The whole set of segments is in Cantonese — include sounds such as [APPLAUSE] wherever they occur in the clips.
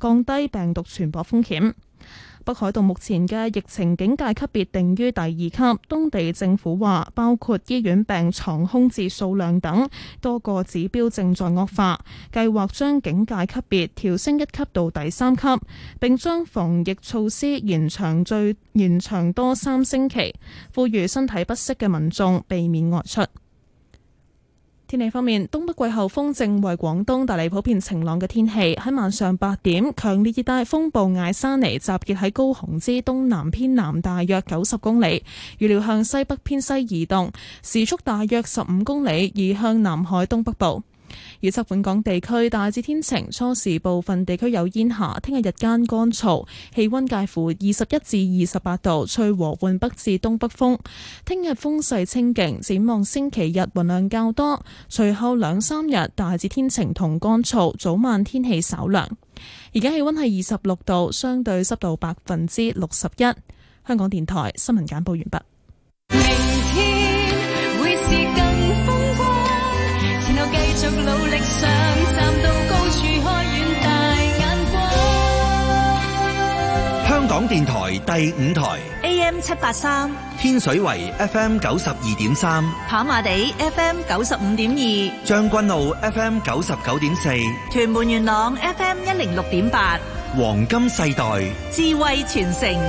降低病毒傳播風險。北海道目前嘅疫情警戒級別定於第二級，當地政府話包括醫院病床空置數量等多個指標正在惡化，計劃將警戒級別調升一級到第三級，並將防疫措施延長最延長多三星期，呼籲身體不適嘅民眾避免外出。天氣方面，東北季候風正為廣東帶嚟普遍晴朗嘅天氣。喺晚上八點，強烈熱帶風暴艾莎尼集結喺高雄之東南偏南大約九十公里，預料向西北偏西移動，時速大約十五公里，移向南海東北部。預測本港地區大致天晴，初時部分地區有煙霞。聽日日間乾燥，氣溫介乎二十一至二十八度，吹和緩北至東北風。聽日風勢清勁，展望星期日雲量較多，隨後兩三日大致天晴同乾燥，早晚天氣稍涼。而家氣溫係二十六度，相對濕度百分之六十一。香港電台新聞簡報完畢。 [MUSIC] 港電台第五台 AM 七八三，天水圍 FM 九十二點三，跑馬地 FM 九十五點二，將軍澳 FM 九十九點四，屯門元朗 FM 一零六點八，黃金世代智慧傳承。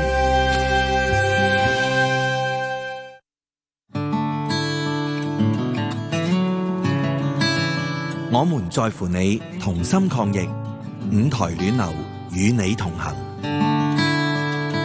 我們在乎你，同心抗疫，五台暖流與你同行。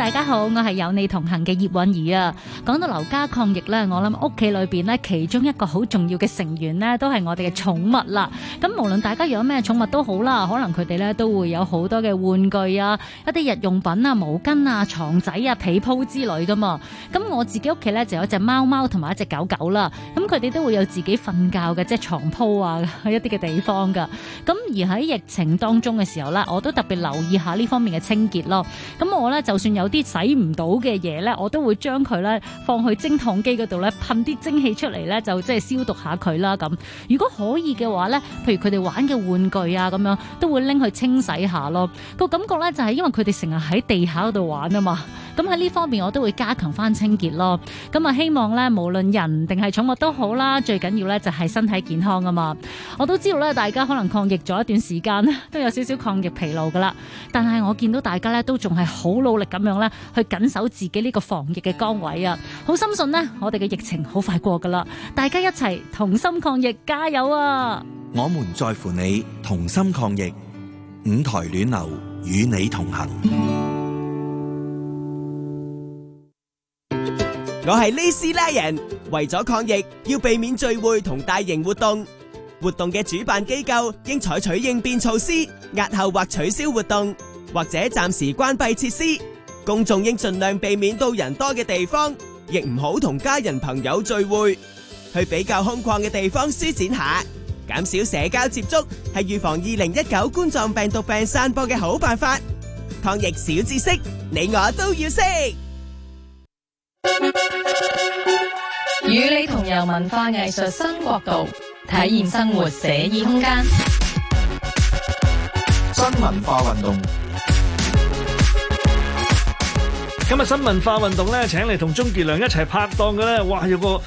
大家好，我係有你同行嘅葉韻儀啊。講到留家抗疫咧，我諗屋企裏邊咧其中一個好重要嘅成員咧，都係我哋嘅寵物啦。咁無論大家養咩寵物都好啦，可能佢哋咧都會有好多嘅玩具啊、一啲日用品啊、毛巾啊、床仔啊、被鋪之類噶嘛。咁我自己屋企咧就有隻貓貓同埋一隻狗狗啦。咁佢哋都會有自己瞓覺嘅即係床鋪啊，一啲嘅地方噶。咁而喺疫情當中嘅時候咧，我都特別留意下呢方面嘅清潔咯。咁我咧就算有啲洗唔到嘅嘢咧，我都會將佢咧放去蒸燙機嗰度咧，噴啲蒸汽出嚟咧，就即係消毒下佢啦。咁如果可以嘅話咧，譬如佢哋玩嘅玩具啊咁樣，都會拎去清洗下咯。個感覺咧就係因為佢哋成日喺地下嗰度玩啊嘛。咁喺呢方面我都會加強翻清潔咯，咁啊希望咧無論人定係寵物都好啦，最緊要咧就係身體健康啊嘛！我都知道咧，大家可能抗疫咗一段時間都有少少抗疫疲勞噶啦，但係我見到大家咧都仲係好努力咁樣咧，去緊守自己呢個防疫嘅崗位啊！好深信呢，我哋嘅疫情好快過噶啦，大家一齊同、啊、同心抗疫，加油啊！我們在乎你，同心抗疫，舞台暖流與你同行。我係呢斯拉人，為咗抗疫，要避免聚會同大型活動。活動嘅主辦機構應採取應變措施，押後或取消活動，或者暫時關閉設施。公眾應盡量避免到人多嘅地方，亦唔好同家人朋友聚會，去比較空曠嘅地方舒展下，減少社交接觸，係預防二零一九冠狀病毒病散播嘅好辦法。抗疫小知識，你我都要識。與你同遊文化藝術新國度，體驗生活寫意空間。新文化運動，今日新文化運動咧，請嚟同鍾傑良一齊拍檔嘅咧，哇，有個。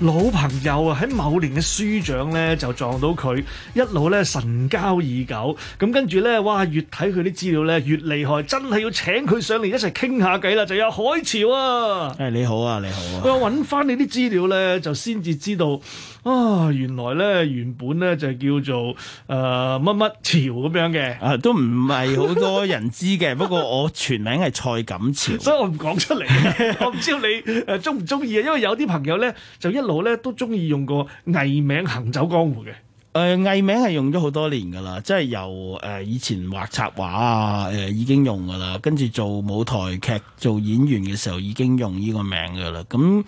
老朋友啊，喺某年嘅書展呢就撞到佢，一路咧神交已久。咁跟住呢，哇，越睇佢啲資料呢越厲害，真係要請佢上嚟一齊傾下偈啦！就有海潮啊，誒、哎、你好啊，你好啊，我揾翻你啲資料呢，就先至知道。啊、哦，原來咧原本咧就叫做誒乜乜潮咁樣嘅，啊都唔係好多人知嘅。 [LAUGHS] 不過我全名係蔡錦潮，所以我唔講出嚟。 [LAUGHS] 我唔知你誒中唔中意啊，因為有啲朋友咧就一路咧都中意用個藝名行走江湖嘅。誒、呃、藝名係用咗好多年噶啦，即係由誒、呃、以前畫插畫啊，誒、呃、已經用噶啦，跟住做舞台劇做演員嘅時候已經用呢個名噶啦。咁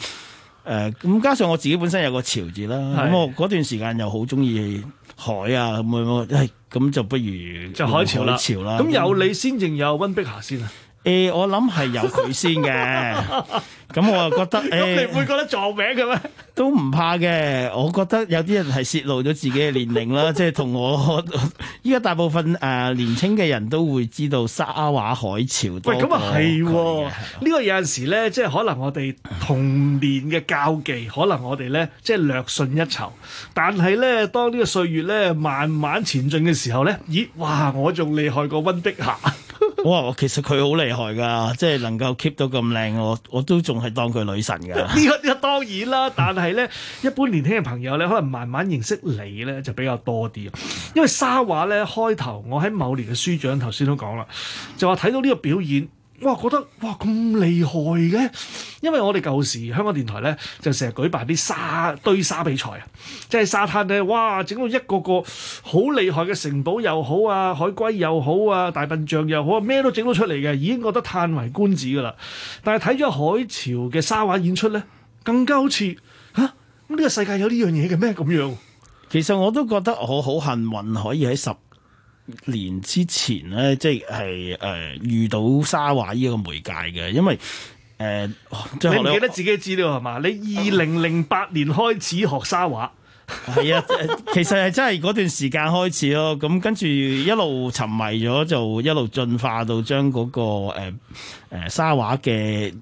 誒咁、呃、加上我自己本身有個潮字啦，咁是我嗰段時間又好中意海啊，咁樣是，咁就不如就海潮啦，咁有你先，定有溫碧霞先啊？誒、欸，我諗係由佢先嘅，咁 [LAUGHS] 我又覺得誒， [LAUGHS] 欸、你唔會覺得撞名嘅咩？ [LAUGHS] 都唔怕嘅，我覺得有啲人係洩露咗自己嘅年齡啦，即係同我依家 [LAUGHS] 大部分誒、呃、年青嘅人都會知道沙畫海潮。喂，咁啊係喎，呢、哦、 [LAUGHS] 個有陣時咧，即係可能我哋童年嘅交技，可能我哋咧即係略遜一籌，但係咧當個歲呢個歲月咧慢慢前進嘅時候咧，咦，咦，哇，我仲厲害過溫碧霞。哇，其實佢好厲害㗎，即係能夠 keep 到咁靚，我我都仲係當佢女神㗎。呢個呢，當然啦，但係咧，一般年輕嘅朋友咧，可能慢慢認識你咧就比較多啲。因為沙畫咧開頭，我喺某年嘅書長頭先都講啦，就話睇到呢個表演。我覺得哇咁厲害嘅，因為我哋舊時香港電台咧就成日舉辦啲沙堆沙比賽啊，即係沙灘咧，哇整到一個個好厲害嘅城堡又好啊，海龜又好啊，大笨象又好啊，咩都整到出嚟嘅，已經覺得歎為觀止噶啦。但係睇咗海潮嘅沙畫演出咧，更加好似吓，呢個世界有呢樣嘢嘅咩咁樣？其實我都覺得我好幸運可以喺十年之前咧，即係誒、呃、遇到沙畫呢個媒介嘅，因為誒，呃、你唔記得自己資料係嘛我？你二零零八年開始學沙畫，係 [LAUGHS] 啊，其實係真係嗰段時間開始咯。咁跟住一路沉迷咗，就一路進化到將嗰、那個誒、呃呃、沙畫嘅。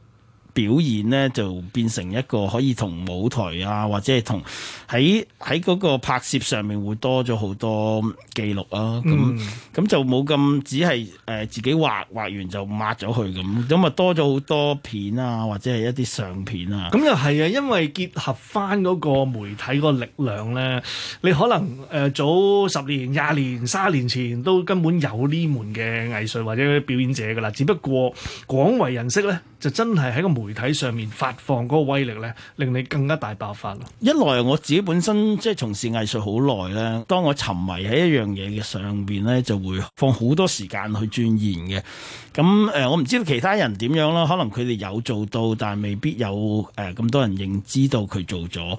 表演咧就變成一個可以同舞台啊，或者係同喺喺個拍攝上面會多咗好多記錄啊，咁咁、嗯、就冇咁只係誒自己畫畫完就抹咗佢，咁，咁啊多咗好多片啊，或者係一啲相片啊。咁又係啊，因為結合翻個媒體個力量咧，你可能誒、呃、早十年、廿年、卅年前都根本有呢門嘅藝術或者表演者噶啦，只不過廣為人識咧就真係喺個媒。媒。媒體上面發放嗰個威力咧，令你更加大爆發咯。一來我自己本身即係從事藝術好耐啦，當我沉迷喺一樣嘢嘅上邊咧，就會放好多時間去鑽研嘅。咁誒、呃，我唔知道其他人點樣啦，可能佢哋有做到，但係未必有誒、咁、呃、多人認知道佢做咗。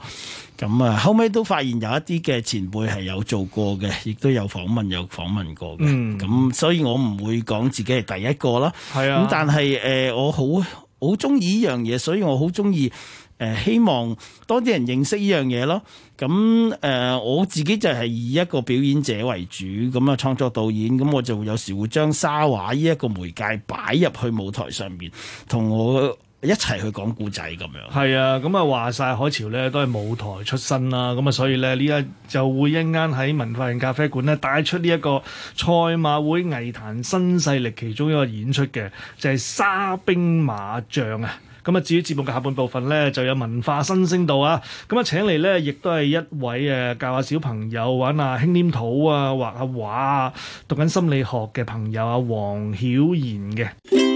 咁啊，後尾都發現有一啲嘅前輩係有做過嘅，亦都有訪問有訪問過嘅。咁、嗯、所以我唔會講自己係第一個啦。係是啊，咁但係誒，我好。我好中意呢樣嘢，所以我好中意，誒、呃，希望多啲人認識呢樣嘢咯。咁、嗯、誒、呃，我自己就係以一個表演者為主，咁啊，創作導演，咁我就有時會將沙畫呢一個媒介擺入去舞台上面，同我。一齊去講故仔咁樣，係 [NOISE] [NOISE] 啊，咁、嗯、啊話晒海潮咧都係舞台出身啦、啊，咁啊所以咧，呢一就會一間喺文化人咖啡館咧帶出呢、這、一個賽馬會藝壇新勢力其中一個演出嘅，就係、是、沙兵馬將啊。咁啊至於節目嘅下半部分咧，就有文化新聲度啊，咁、嗯、啊請嚟咧亦都係一位誒教下小朋友玩啊輕黏土啊畫下畫啊讀緊心理學嘅朋友啊王曉妍嘅。 [NOISE]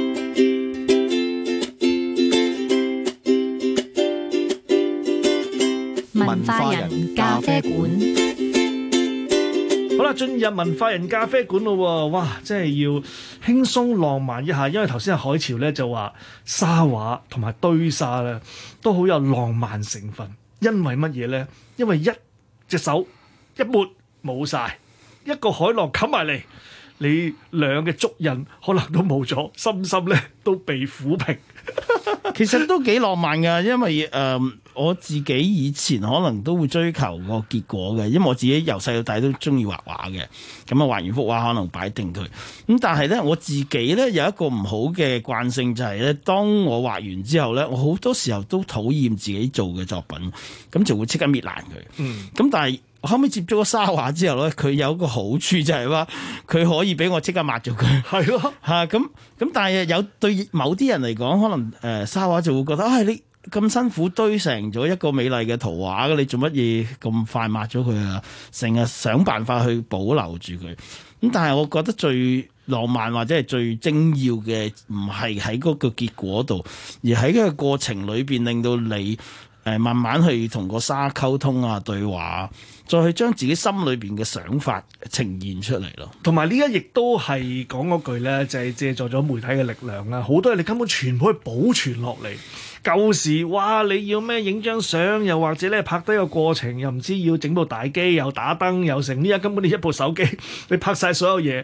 文化人咖啡館，好啦，進入文化人咖啡館咯，哇，真係要輕鬆浪漫一下。因為頭先阿海潮咧就話沙畫同埋堆沙咧都好有浪漫成分。因為乜嘢咧？因為一隻手一抹冇晒，一個海浪冚埋嚟，你兩嘅足印可能都冇咗，深深咧都被撫平。 [LAUGHS] 其實都幾浪漫噶，因為誒、呃、我自己以前可能都會追求個結果嘅，因為我自己由細到大都中意畫畫嘅，咁啊畫完幅畫可能擺定佢，咁、嗯、但係咧我自己咧有一個唔好嘅慣性就係、是、咧，當我畫完之後咧，我好多時候都討厭自己做嘅作品，咁就會即刻搣爛佢。嗯，咁、嗯嗯、但係。後尾接咗個沙畫之後咧，佢有一個好處就係話，佢可以俾我即刻抹咗佢。係咯吓咁咁，但係有對某啲人嚟講，可能誒、呃、沙畫就會覺得，唉、哎、你咁辛苦堆成咗一個美麗嘅圖畫嘅，你做乜嘢咁快抹咗佢啊？成日想辦法去保留住佢。咁但係我覺得最浪漫或者係最精要嘅，唔係喺嗰個結果度，而喺個過程裏邊令到你。誒，慢慢去同個沙溝通啊，對話啊，再去將自己心裏邊嘅想法呈現出嚟咯。同埋呢一亦都係講嗰句咧，就係、是、借助咗媒體嘅力量啦。好多嘢你根本全部可以保存落嚟。舊時哇，你要咩影張相，又或者咧拍低個過程，又唔知要整部大機，又打燈又成。呢家根本你一部手機，你拍晒所有嘢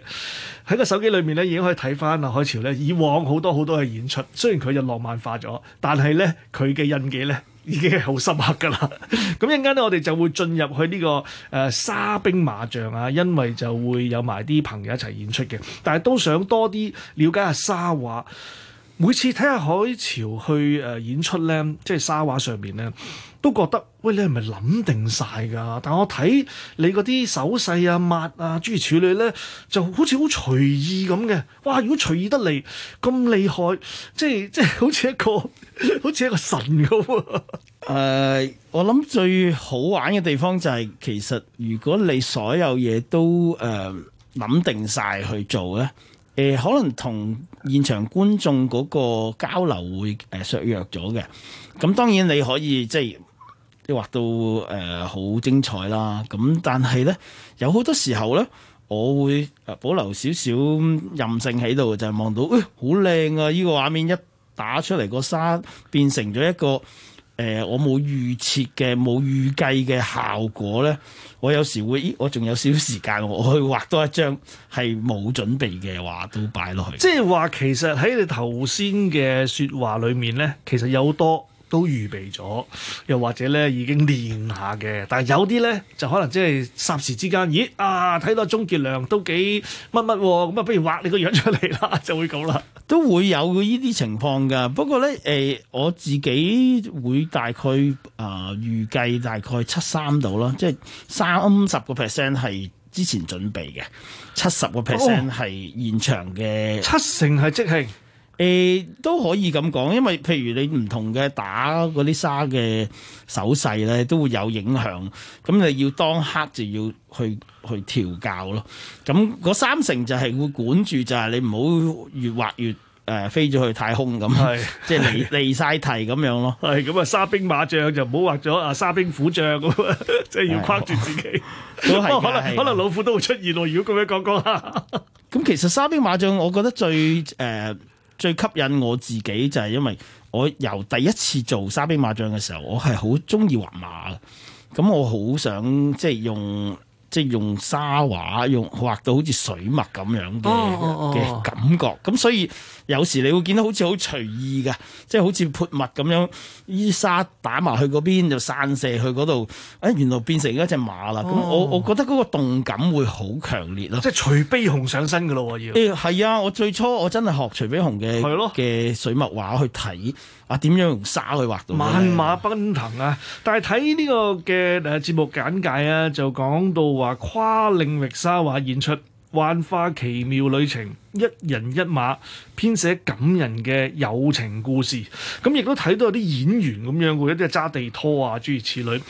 喺個手機裏面咧，已經可以睇翻阿海潮咧以往好多好多嘅演出。雖然佢就浪漫化咗，但係咧佢嘅印記咧。已經係好深刻㗎啦，咁一間咧，我哋就會進入去呢、這個誒、呃、沙兵馬將啊，因為就會有埋啲朋友一齊演出嘅，但係都想多啲了解下沙畫。每次睇下海潮去誒演出咧，即係沙畫上面咧，都覺得喂你係咪諗定晒㗎？但我睇你嗰啲手勢啊、抹啊、諸如此類咧，就好似好隨意咁嘅。哇！如果隨意得嚟咁厲害，即係即係好似一個好似一個神咁喎、呃。我諗最好玩嘅地方就係、是、其實如果你所有嘢都誒諗、呃、定晒去做咧，誒、呃、可能同現場觀眾嗰個交流會誒削弱咗嘅。咁當然你可以即係。即係畫到誒好、呃、精彩啦，咁但係咧有好多時候咧，我會保留少少任性喺度，就係、是、望到誒好靚啊！依、這個畫面一打出嚟，那個沙，變成咗一個誒、呃、我冇預設嘅、冇預計嘅效果咧，我有時會，咦，我仲有少時間，我去畫多一張係冇準備嘅畫都擺落去。即係話其實喺你頭先嘅説話裡面咧，其實有好多。都預備咗，又或者咧已經練下嘅，但係有啲咧就可能即係霎時之間，咦啊睇到鍾傑良都幾乜乜喎，咁啊不如畫你個樣出嚟啦，就會咁啦。都會有呢啲情況㗎，不過咧誒、呃、我自己會大概誒、呃、預計大概七三度啦，即係三十個 percent 係之前準備嘅，七十個 percent 係現場嘅、哦。場七成係即興。誒，都可以咁講，因為譬如你唔同嘅打嗰啲沙嘅手勢咧，都會有影響。咁你要當刻就要去去調教咯。咁嗰三成就係會管住，就係你唔好越畫越誒飛咗去太空咁，即係離離晒題咁樣咯。係咁啊，沙兵馬將就唔好畫咗啊，沙兵虎將啊，即係要框住自己。都係可能老虎都會出現咯。如果咁樣講講啊，咁其實沙兵馬將，我覺得最誒。最吸引我自己就係，因為我由第一次做沙兵馬將嘅時候我，我係好鍾意畫馬嘅，咁我好想即係用。即係用沙畫用畫到好似水墨咁樣嘅嘅感覺，咁所以有時你會見到好似好隨意嘅，即係好似潑墨咁樣，依沙打埋去嗰邊就散射去嗰度，誒、欸、原來變成一隻馬啦。咁、oh, oh. 我我覺得嗰個動感會好強烈咯，即係徐悲鴻上身嘅咯，我要。誒係、欸、啊，我最初我真係學徐悲鴻嘅嘅水墨畫去睇啊，點樣用沙去畫到萬馬奔騰啊！但係睇呢個嘅誒節目簡介啊，就講到。話跨領域沙畫演出，幻化奇妙旅程，一人一馬編寫感人嘅友情故事。咁亦都睇到有啲演員咁樣，或者係揸地拖啊，諸如此類。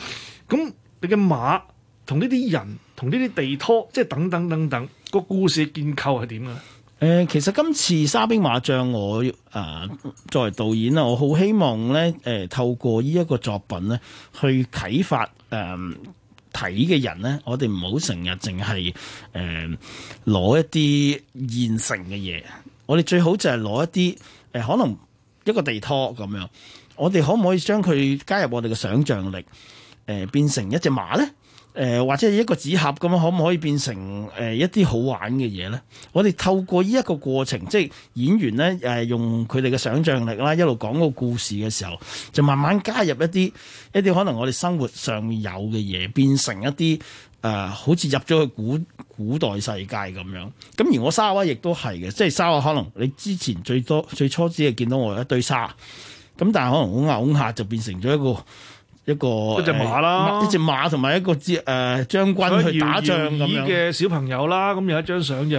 咁你嘅馬同呢啲人，同呢啲地拖，即係等等等等，個故事嘅建構係點啊？誒、呃，其實今次沙兵馬將，我誒、呃、作為導演啦，我好希望咧，誒、呃、透過呢一個作品咧，去啟發誒。呃睇嘅人咧，我哋唔好成日淨係誒攞一啲現成嘅嘢，我哋最好就係攞一啲誒、呃、可能一個地拖咁樣，我哋可唔可以將佢加入我哋嘅想象力誒、呃、變成一隻馬咧？誒、呃、或者一個紙盒咁樣，可唔可以變成誒、呃、一啲好玩嘅嘢咧？我哋透過呢一個過程，即係演員咧，誒、呃、用佢哋嘅想像力啦，一路講個故事嘅時候，就慢慢加入一啲一啲可能我哋生活上有嘅嘢，變成一啲誒、呃、好似入咗去古古代世界咁樣。咁、嗯、而我沙娃亦都係嘅，即係沙娃可能你之前最多最初只係見到我有一堆沙，咁但係可能㧬下㧬下就變成咗一個。一個、呃、一隻馬啦，一隻馬同埋一個誒、呃、將軍去打仗咁嘅小朋友啦，咁有一張相就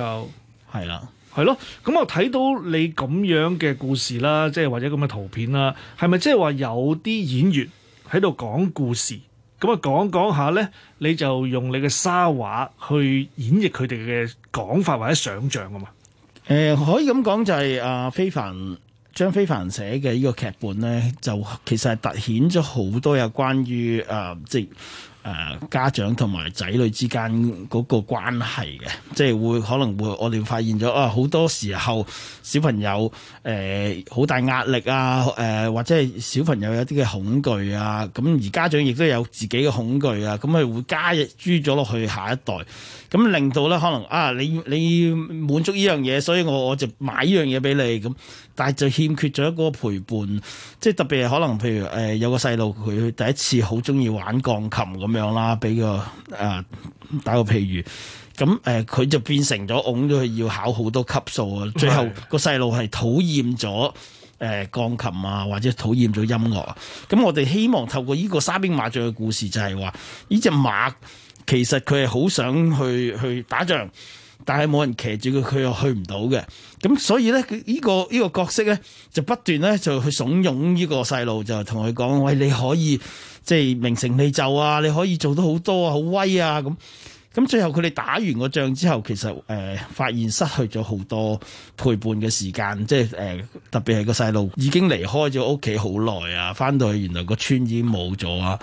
係啦，係咯。咁我睇到你咁樣嘅故事啦，即係或者咁嘅圖片啦，係咪即係話有啲演員喺度講故事？咁啊講一講一下咧，你就用你嘅沙畫去演繹佢哋嘅講法或者想像啊嘛。誒、呃，可以咁講就係、是、阿、呃、非凡。張非凡寫嘅呢個劇本咧，就其實係凸顯咗好多有關於誒、呃，即係誒、呃、家長同埋仔女之間嗰個關係嘅，即係會可能會我哋發現咗啊，好多時候小朋友誒好、呃、大壓力啊，誒、呃、或者係小朋友有啲嘅恐懼啊，咁而家長亦都有自己嘅恐懼啊，咁佢會加諸咗落去下一代。咁令到咧，可能啊，你你滿足呢樣嘢，所以我我就買呢樣嘢俾你咁，但係就欠缺咗一個陪伴，即係特別係可能譬如誒、呃、有個細路佢第一次好中意玩鋼琴咁樣啦，俾個誒、呃、打個譬如，咁誒佢就變成咗㧬咗佢要考好多級數啊，最後個細路係討厭咗誒、呃、鋼琴啊，或者討厭咗音樂啊。咁我哋希望透過呢個沙兵馬將嘅故事就，就係話呢隻馬。其實佢係好想去去打仗，但係冇人騎住佢，佢又去唔到嘅。咁所以咧，呢個呢個角色咧，就不斷咧就去慫恿呢個細路，就同佢講：喂，你可以即係名成利就啊！你可以做到好多啊，好威啊！咁咁最後佢哋打完個仗之後，其實誒發現失去咗好多陪伴嘅時間，即係誒特別係個細路已經離開咗屋企好耐啊，翻到去原來個村已經冇咗啊。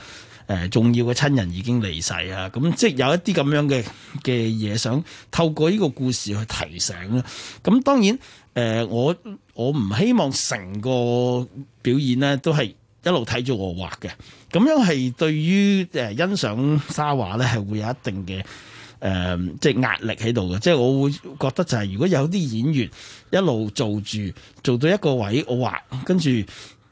誒重要嘅親人已經離世啊！咁即係有一啲咁樣嘅嘅嘢，想透過呢個故事去提醒啦。咁當然誒、呃，我我唔希望成個表演呢都係一路睇住我畫嘅。咁樣係對於誒欣賞沙畫咧，係會有一定嘅誒、呃、即係壓力喺度嘅。即係我會覺得就係如果有啲演員一路做住做到一個位，我畫跟住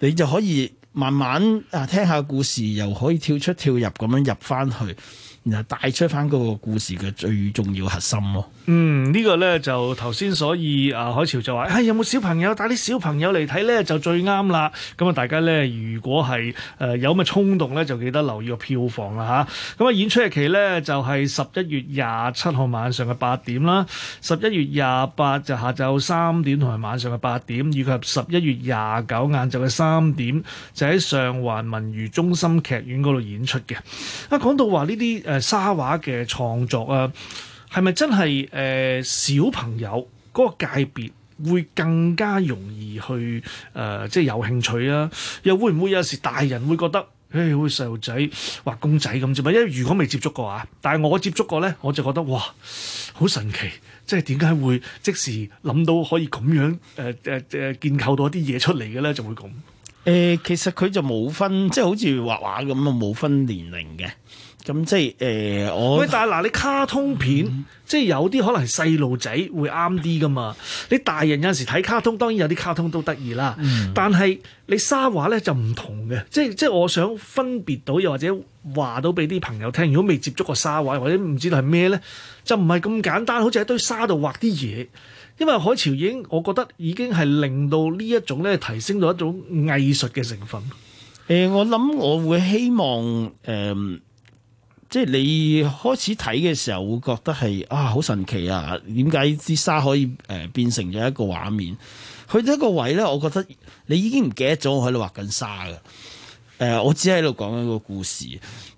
你就可以。慢慢啊，聽下故事，又可以跳出跳入咁樣入翻去。然後帶出翻嗰個故事嘅最重要核心咯，哦。嗯、呢、這個呢，就頭先所以啊，海潮就話，係、哎、有冇小朋友帶啲小朋友嚟睇呢，就最啱啦。咁、嗯、啊，大家呢，如果係誒、呃、有乜衝動呢，就記得留意個票房啦嚇。咁啊、嗯，演出日期呢，就係十一月廿七號晚上嘅八點啦，十一月廿八就下晝三點同埋晚上嘅八點，以及十一月廿九晏晝嘅三點，就喺上環文娛中心劇院嗰度演出嘅。啊，講到話呢啲沙畫嘅創作啊，係咪真係誒、呃、小朋友嗰個界別會更加容易去誒、呃、即係有興趣啊？又會唔會有時大人會覺得誒，好似細路仔畫公仔咁啫嘛？因為如果未接觸過啊，但係我接觸過咧，我就覺得哇，好神奇！即係點解會即時諗到可以咁樣誒誒誒建構到一啲嘢出嚟嘅咧？就會咁誒、呃，其實佢就冇分，即係好似畫畫咁啊，冇分年齡嘅。咁即係誒、呃，我喂，但係嗱，你卡通片、嗯、即係有啲可能係細路仔會啱啲噶嘛？你大人有陣時睇卡通，當然有啲卡通都得意啦。嗯、但係你沙畫咧就唔同嘅，即係即係我想分別到，又或者話到俾啲朋友聽。如果未接觸過沙畫，或者唔知道係咩咧，就唔係咁簡單，好似喺堆沙度畫啲嘢。因為海潮已經，我覺得已經係令到呢一種咧提升到一種藝術嘅成分。誒、呃，我諗我會希望誒。呃即係你開始睇嘅時候，會覺得係啊，好神奇啊！點解啲沙可以誒、呃、變成咗一個畫面？去到一個位咧，我覺得你已經唔記得咗我喺度畫緊沙㗎。誒，我只喺度講緊個故事，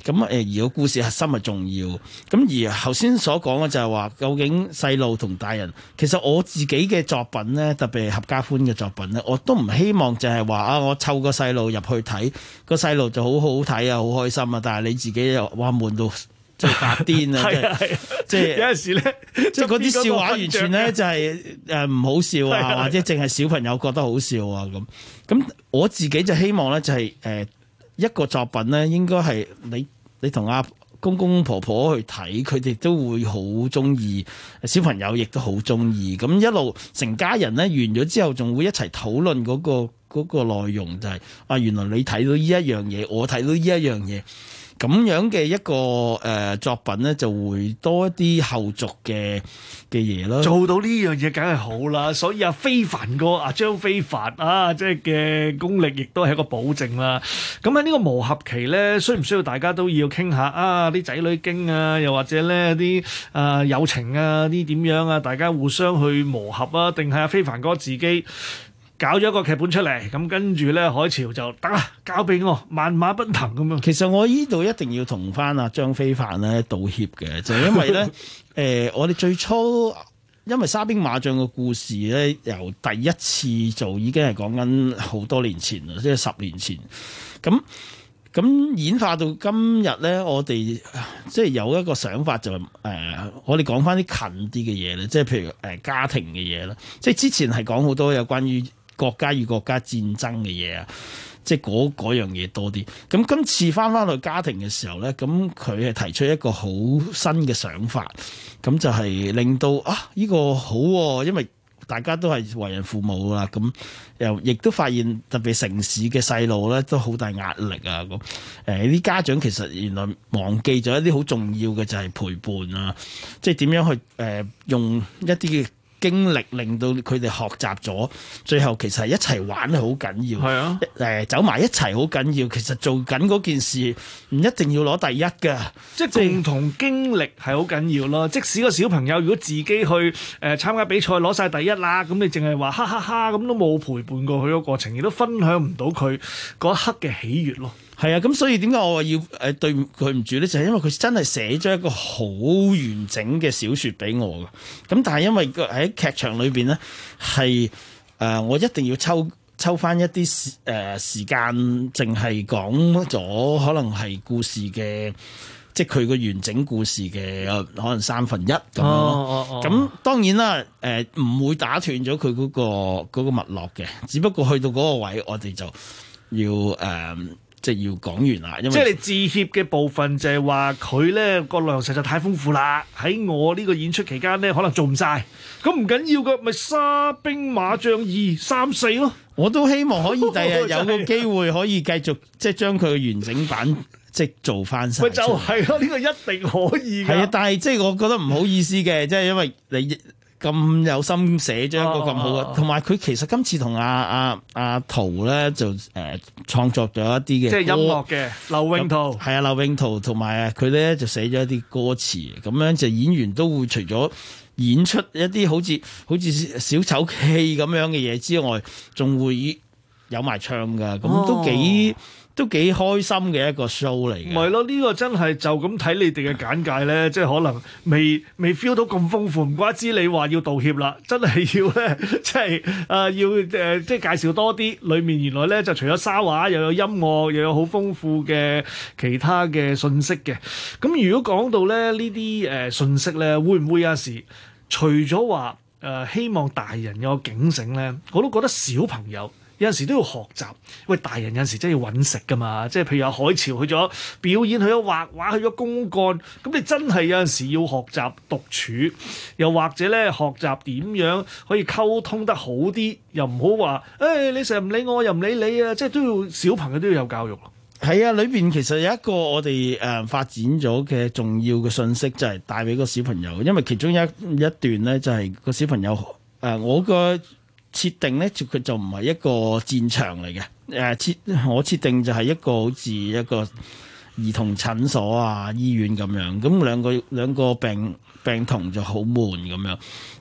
咁誒而個故事核心係重要，咁而頭先所講嘅就係話，究竟細路同大人，其實我自己嘅作品咧，特別係合家歡嘅作品咧，我都唔希望就係話啊，我湊個細路入去睇，個細路就好好睇啊，好開心啊，但係你自己又哇悶到即係發癲啊，即係有陣時咧，即係嗰啲笑話完全咧就係誒唔好笑啊，或者淨係小朋友覺得好笑啊咁，咁我自己就希望咧就係誒。一個作品咧，應該係你你同阿公公婆婆去睇，佢哋都會好中意，小朋友亦都好中意，咁一路成家人咧完咗之後，仲會一齊討論嗰個嗰個內容就係啊，原來你睇到呢一樣嘢，我睇到呢一樣嘢。咁樣嘅一個誒、呃、作品咧，就會多一啲後續嘅嘅嘢咯。做到呢樣嘢梗係好啦，所以阿、啊、非凡哥阿張非凡啊，即係嘅功力亦都係一個保證啦、啊。咁喺呢個磨合期咧，需唔需要大家都要傾下啊？啲仔女經啊，又或者咧啲啊友情啊，啲點樣啊，大家互相去磨合啊，定係阿非凡哥自己？搞咗一個劇本出嚟，咁跟住咧，海潮就得啦，交俾我萬馬奔騰咁樣。其實我呢度一定要同翻阿張飛帆咧道歉嘅，就是，因為咧，誒、 [LAUGHS] 呃，我哋最初因為沙兵馬將嘅故事咧，由第一次做已經係講緊好多年前啦，即係十年前。咁咁演化到今日咧，我哋即係有一個想法就係，是，誒，呃，我哋講翻啲近啲嘅嘢咧，即係譬如誒、呃、家庭嘅嘢啦，即係之前係講好多有關於。國家與國家戰爭嘅嘢啊，即係嗰樣嘢多啲。咁今次返返去家庭嘅時候咧，咁佢係提出一個好新嘅想法，咁就係令到啊呢個好啊，因為大家都係為人父母啦。咁又亦都發現特別城市嘅細路咧，都好大壓力啊。咁誒啲家長其實原來忘記咗一啲好重要嘅就係陪伴啊，即係點樣去誒、呃、用一啲嘅。經歷令到佢哋學習咗，最後其實係一齊玩好緊要。係啊，誒走埋一齊好緊要。其實做緊嗰件事唔一定要攞第一㗎，即係共同經歷係好緊要咯。即使個小朋友如果自己去誒、呃、參加比賽攞晒第一啦，咁你淨係話哈哈哈咁都冇陪伴過佢個過程，亦都分享唔到佢嗰一刻嘅喜悅咯。係啊，咁所以點解我話要誒對佢唔住咧？就係、是、因為佢真係寫咗一個好完整嘅小說俾我噶，咁但係因為喺劇場裏邊咧，係誒、呃、我一定要抽抽翻一啲時誒、呃、時間，淨係講咗可能係故事嘅，即係佢個完整故事嘅、呃、可能三分一咁咯。咁、oh, oh, oh. 當然啦，誒、呃、唔會打斷咗佢嗰個嗰、嗰個脈絡嘅，只不過去到嗰個位，我哋就要誒。呃即要講完啦，因為即係你致歉嘅部分就係話佢咧個內容實在太豐富啦，喺我呢個演出期間咧可能做唔晒。咁唔緊要嘅，咪、就是、沙兵馬將二三四咯、啊。我都希望可以第日有個機會可以繼續 [LAUGHS] 即係將佢嘅完整版即係做翻曬。咪 [LAUGHS] 就係咯、啊，呢、這個一定可以。係 [LAUGHS] 啊，但係即係我覺得唔好意思嘅，即係因為你。咁有心寫咗一個咁好嘅，同埋佢其實今次同阿阿阿陶咧就誒創作咗一啲嘅，即係音樂嘅劉永陶係啊，劉永陶同埋佢咧就寫咗一啲歌詞，咁樣就演員都會除咗演出一啲好似好似小丑戲咁樣嘅嘢之外，仲會有埋唱噶，咁都幾。哦都幾開心嘅一個 show 嚟嘅，唔係咯？呢個真係就咁睇你哋嘅簡介咧，即係可能未未 feel 到咁豐富。唔怪之你話要道歉啦，真係要咧，即係誒要誒，即係介紹多啲。裡面原來咧就除咗沙畫，又有音樂，又有好豐富嘅其他嘅信息嘅。咁如果講到咧呢啲誒信息咧，會唔會有時除咗話誒，希望大人有警醒咧，我都覺得小朋友。有陣時都要學習，喂大人有陣時真係要揾食噶嘛，即係譬如阿海潮去咗表演，去咗畫畫，去咗公幹，咁你真係有陣時要學習獨處，又或者咧學習點樣可以溝通得好啲，又唔好話誒你成日唔理我，又唔理你啊，即係都要小朋友都要有教育咯。係啊，裏邊其實有一個我哋誒發展咗嘅重要嘅信息，就係、是、帶俾個小朋友，因為其中一一段咧就係個小朋友誒、呃、我、那個。設定咧就佢就唔係一個戰場嚟嘅，誒設我設定就係一個好似一個兒童診所啊、醫院咁樣，咁兩個兩個病病童就好悶咁樣，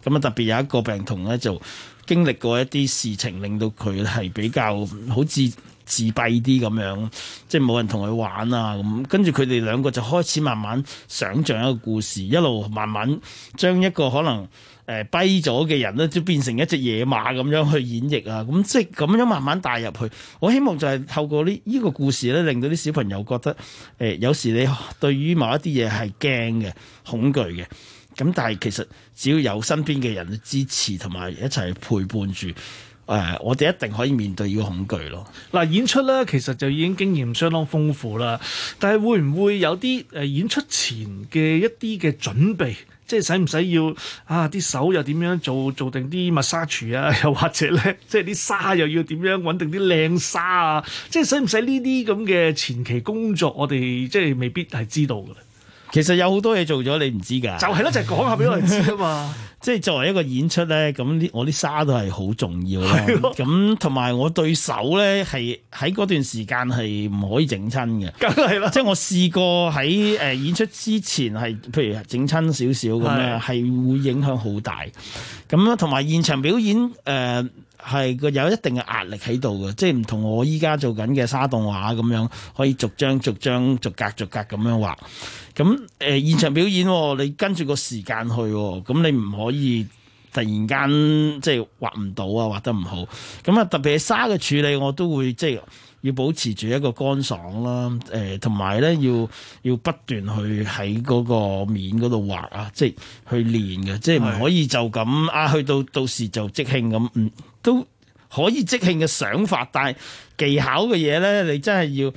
咁啊特別有一個病童咧就經歷過一啲事情，令到佢係比較好似自閉啲咁樣，即係冇人同佢玩啊咁，跟住佢哋兩個就開始慢慢想像一個故事，一路慢慢將一個可能。誒，跛咗嘅人咧，即係變成一隻野馬咁樣去演繹啊！咁、嗯、即係咁樣慢慢帶入去。我希望就係透過呢呢個故事咧，令到啲小朋友覺得，誒、呃，有時你對於某一啲嘢係驚嘅、恐懼嘅。咁、嗯、但係其實只要有身邊嘅人支持同埋一齊陪伴住，誒、呃，我哋一定可以面對呢個恐懼咯。嗱、呃，演出咧其實就已經經驗相當豐富啦。但係會唔會有啲誒、呃、演出前嘅一啲嘅準備？即係使唔使要啊？啲手又點樣做做定啲 massage 啊？又或者咧，即係啲沙又要點樣穩定啲靚沙啊？即係使唔使呢啲咁嘅前期工作，我哋即係未必係知道㗎啦。其實有好多嘢做咗，你唔知㗎。就係咯，就係講下俾我哋知啊嘛。 [LAUGHS] 即係作為一個演出咧，咁啲我啲沙都係好重要嘅。咁同埋我對手咧，係喺嗰段時間係唔可以整親嘅。梗係啦，即係我試過喺誒演出之前係，譬如整親少少咁樣，係是的 會影響好大。咁樣同埋現場表演誒。呃係個有一定嘅壓力喺度嘅，即係唔同我依家做緊嘅沙動畫咁樣，可以逐張逐張逐格逐格咁樣畫。咁誒、呃、現場表演，你跟住個時間去，咁你唔可以突然間即係畫唔到啊，畫得唔好。咁啊特別係沙嘅處理，我都會即係要保持住一個乾爽啦。誒同埋咧，要要不斷去喺嗰個面嗰度畫啊，即係去練嘅，即係唔可以就咁啊去到到時就即興咁嗯。都可以即興嘅想法，但係技巧嘅嘢咧，你真係要。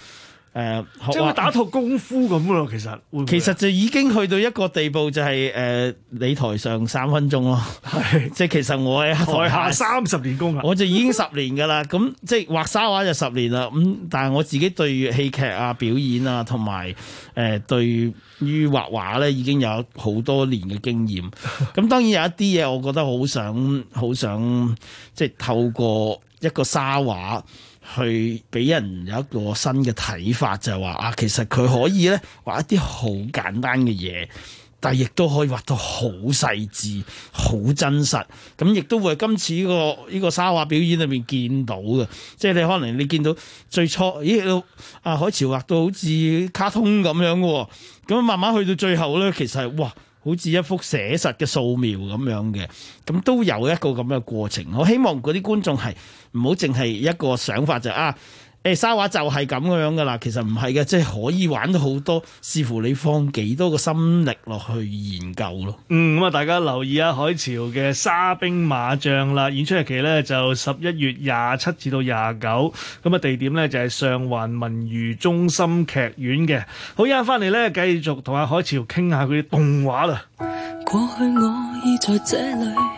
誒，即係會打套功夫咁咯，其實其實就已經去到一個地步，就係誒，你台上三分鐘咯的，係即係其實我喺台下三十年功啊，我就已經十年噶啦，咁 [LAUGHS] 即係畫沙畫就十年啦，咁但係我自己對戲劇啊、表演啊，同埋誒對於畫畫咧，已經有好多年嘅經驗。咁當然有一啲嘢，我覺得好想好想，即係透過一個沙畫。去俾人有一個新嘅睇法，就係話啊，其實佢可以咧畫一啲好簡單嘅嘢，但係亦都可以畫到好細緻、好真實。咁亦都會喺今次呢個呢個沙畫表演裏面見到嘅，即係你可能你見到最初咦啊海潮畫到好似卡通咁樣嘅，咁慢慢去到最後咧，其實係哇，好似一幅寫實嘅素描咁樣嘅，咁都有一個咁嘅過程。我希望嗰啲觀眾係。唔好淨係一個想法就是，啊，誒、欸、沙畫就係咁樣樣噶啦，其實唔係嘅，即、就、係、是、可以玩到好多，視乎你放幾多個心力落去研究咯。嗯，咁啊大家留意下海潮嘅沙兵馬將啦，演出日期咧就十一月廿七至到廿九，咁啊地點咧就係、是、上環文娛中心劇院嘅。好，一陣翻嚟咧，繼續同阿海潮傾下佢啲動畫啦。過去我已在這裡。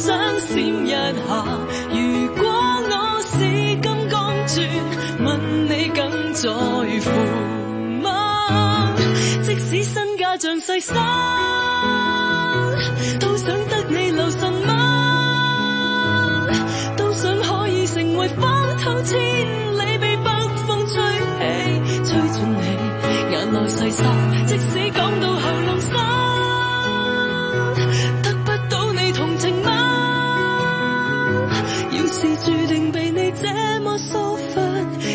想閃一下，如果我是金剛鑽，問你更在乎嗎？即使身家像細沙，都想得你留神嗎？都想可以成為荒土千里，被北風吹起，吹進你眼內細沙。即使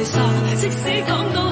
即使講到。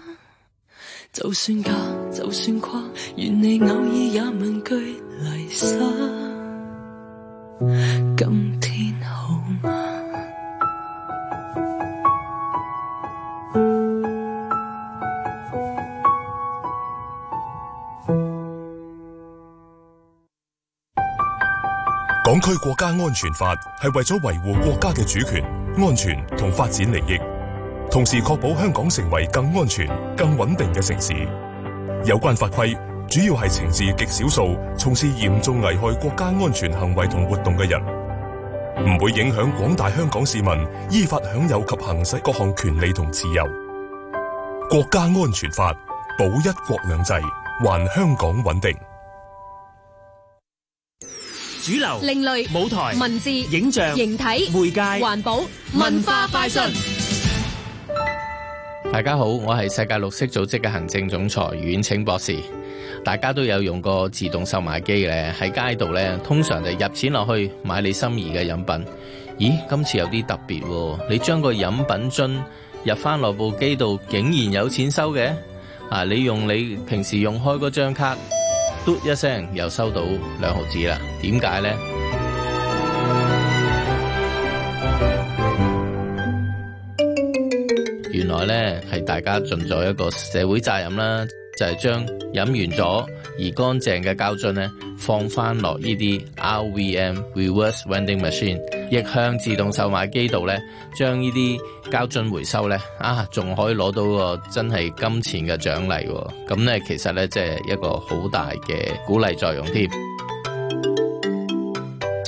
就就算就算假，就算誇，願你偶爾也問句「今天好嗎？」港區國家安全法係為咗維護國家嘅主權、安全同發展利益。同時確保香港成為更安全、更穩定嘅城市。有關法規主要係懲治極少數從事嚴重危害國家安全行為同活動嘅人，唔會影響廣大香港市民依法享有及行使各項權利同自由。國家安全法保一國兩制，還香港穩定。主流、另類、舞台、文字、影像、形體、媒介、環保、文化、快訊。大家好，我係世界綠色組織嘅行政總裁阮清博士。大家都有用過自動售賣機嘅喺街度呢，通常就入錢落去買你心儀嘅飲品。咦，今次有啲特別，啊，你將個飲品樽入翻落部機度，竟然有錢收嘅啊！你用你平時用開嗰張卡，嘟一聲又收到兩毫子啦。點解呢？原來咧係大家盡咗一個社會責任啦，就係、是、將飲完咗而乾淨嘅膠樽咧，放翻落呢啲 RVM Reverse Vending Machine 逆向自動售賣機度咧，將呢啲膠樽回收咧，啊，仲可以攞到個真係金錢嘅獎勵，咁、啊、咧其實咧即係一個好大嘅鼓勵作用添。